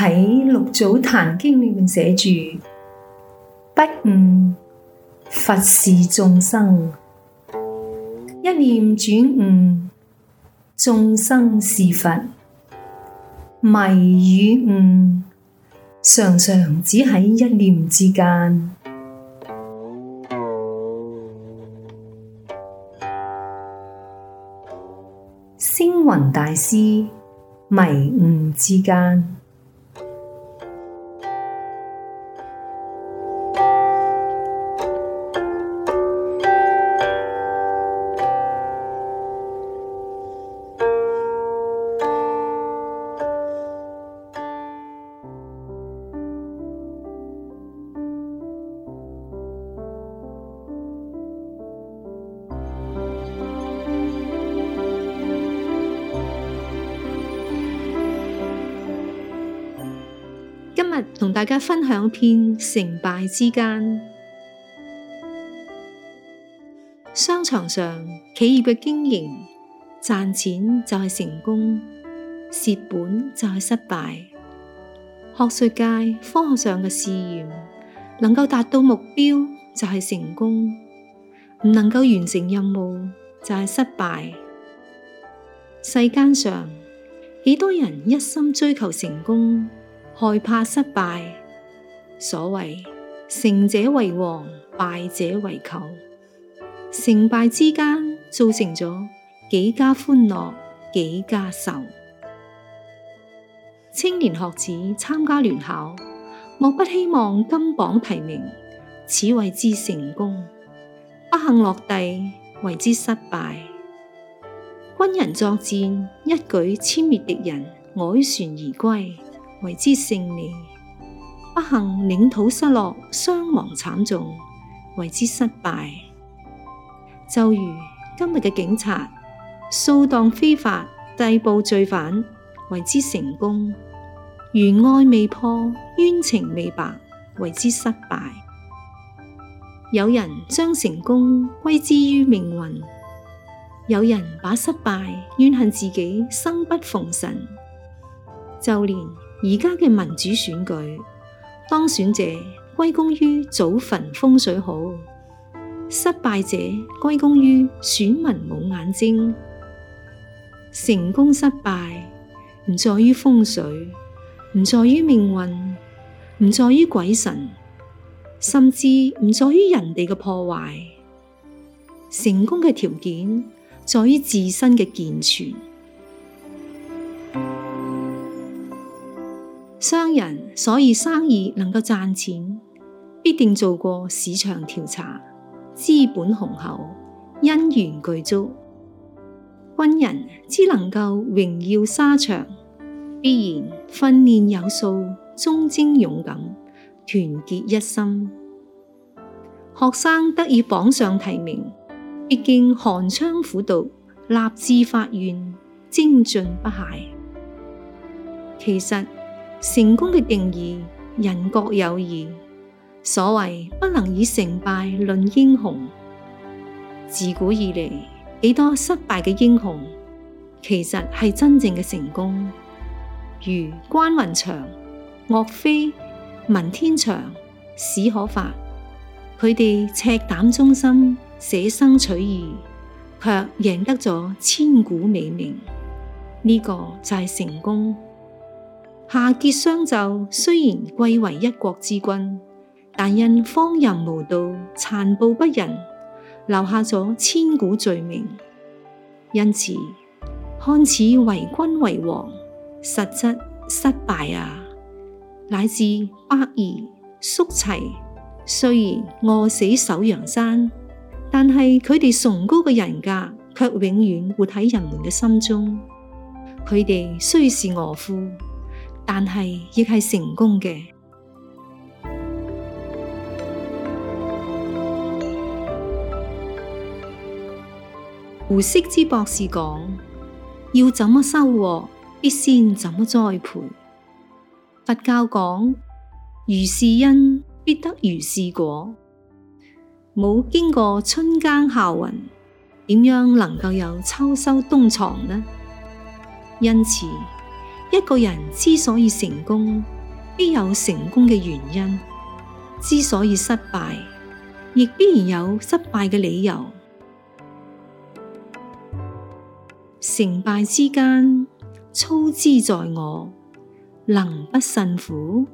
喺六祖壇經裏面寫住不悟佛是眾生，一念轉悟眾生是佛，迷與悟常常只喺一念之間。星雲大師迷悟之間。今日同大家分享篇成敗之間。商場上企業嘅經營，賺錢就係成功，蝕本就係失敗。學術界科學上嘅試驗，能夠達到目標就係成功，唔能夠完成任務就係失敗。世間上，幾多人一心追求成功，害怕失敗，所謂成者為王，敗者為寇。成敗之間造成咗幾家歡樂，幾家愁。青年學子參加聯考，莫不希望金榜題名，此為之成功；不幸落地，為之失敗。軍人作戰，一舉殲滅敵人，凱旋而歸。為之勝利，不幸領土失落，傷亡慘重，為之失敗。就如今日嘅警察掃蕩非法逮捕罪犯，為之成功；冤案未破，冤情未白，為之失敗。有人將成功歸之於命運，有人把失敗怨恨自己生不逢辰，就連。而家嘅民主選舉，當選者歸功於祖墳風水好，失敗者歸功於選民冇眼睛。成功失敗唔在於風水，唔在於命運，唔在於鬼神，甚至唔在於人哋嘅破壞。成功嘅條件，在於自身嘅健全。商人所以生意能夠賺錢，必定做過市場調查，資本雄厚，因緣具足。軍人只能夠榮耀沙場，必然訓練有素，忠貞勇敢，團結一心。學生得以榜上提名，必經寒窗苦讀，立志發願，精進不懈。其實。成功嘅定義，人各有異。所謂不能以成敗論英雄，自古以嚟，幾多失敗嘅英雄，其實係真正嘅成功。如關雲長、岳飛、文天祥、史可法，佢哋赤膽忠心，捨生取義，卻贏得咗千古美名。呢個就係成功。夏桀商紂，雖然貴為一國之君，但因荒淫無道、殘暴不仁，留下咗千古罪名。因此，看似為君為王，實質失敗啊！乃至伯夷、叔齊雖然餓死首陽山，但係佢哋崇高嘅人格卻永遠活喺人們嘅心中。佢哋雖是餓、呃、夫。但係亦係成功嘅。胡適之博士講：要怎麼收穫，必先怎麼栽培。佛教講：如是因，必得如是果。冇經過春耕夏耘，點樣能夠有秋收冬藏呢？因此。一個人之所以成功，必有成功嘅原因；之所以失敗，亦必然有失敗嘅理由。成敗之間，操之在我，能不辛苦？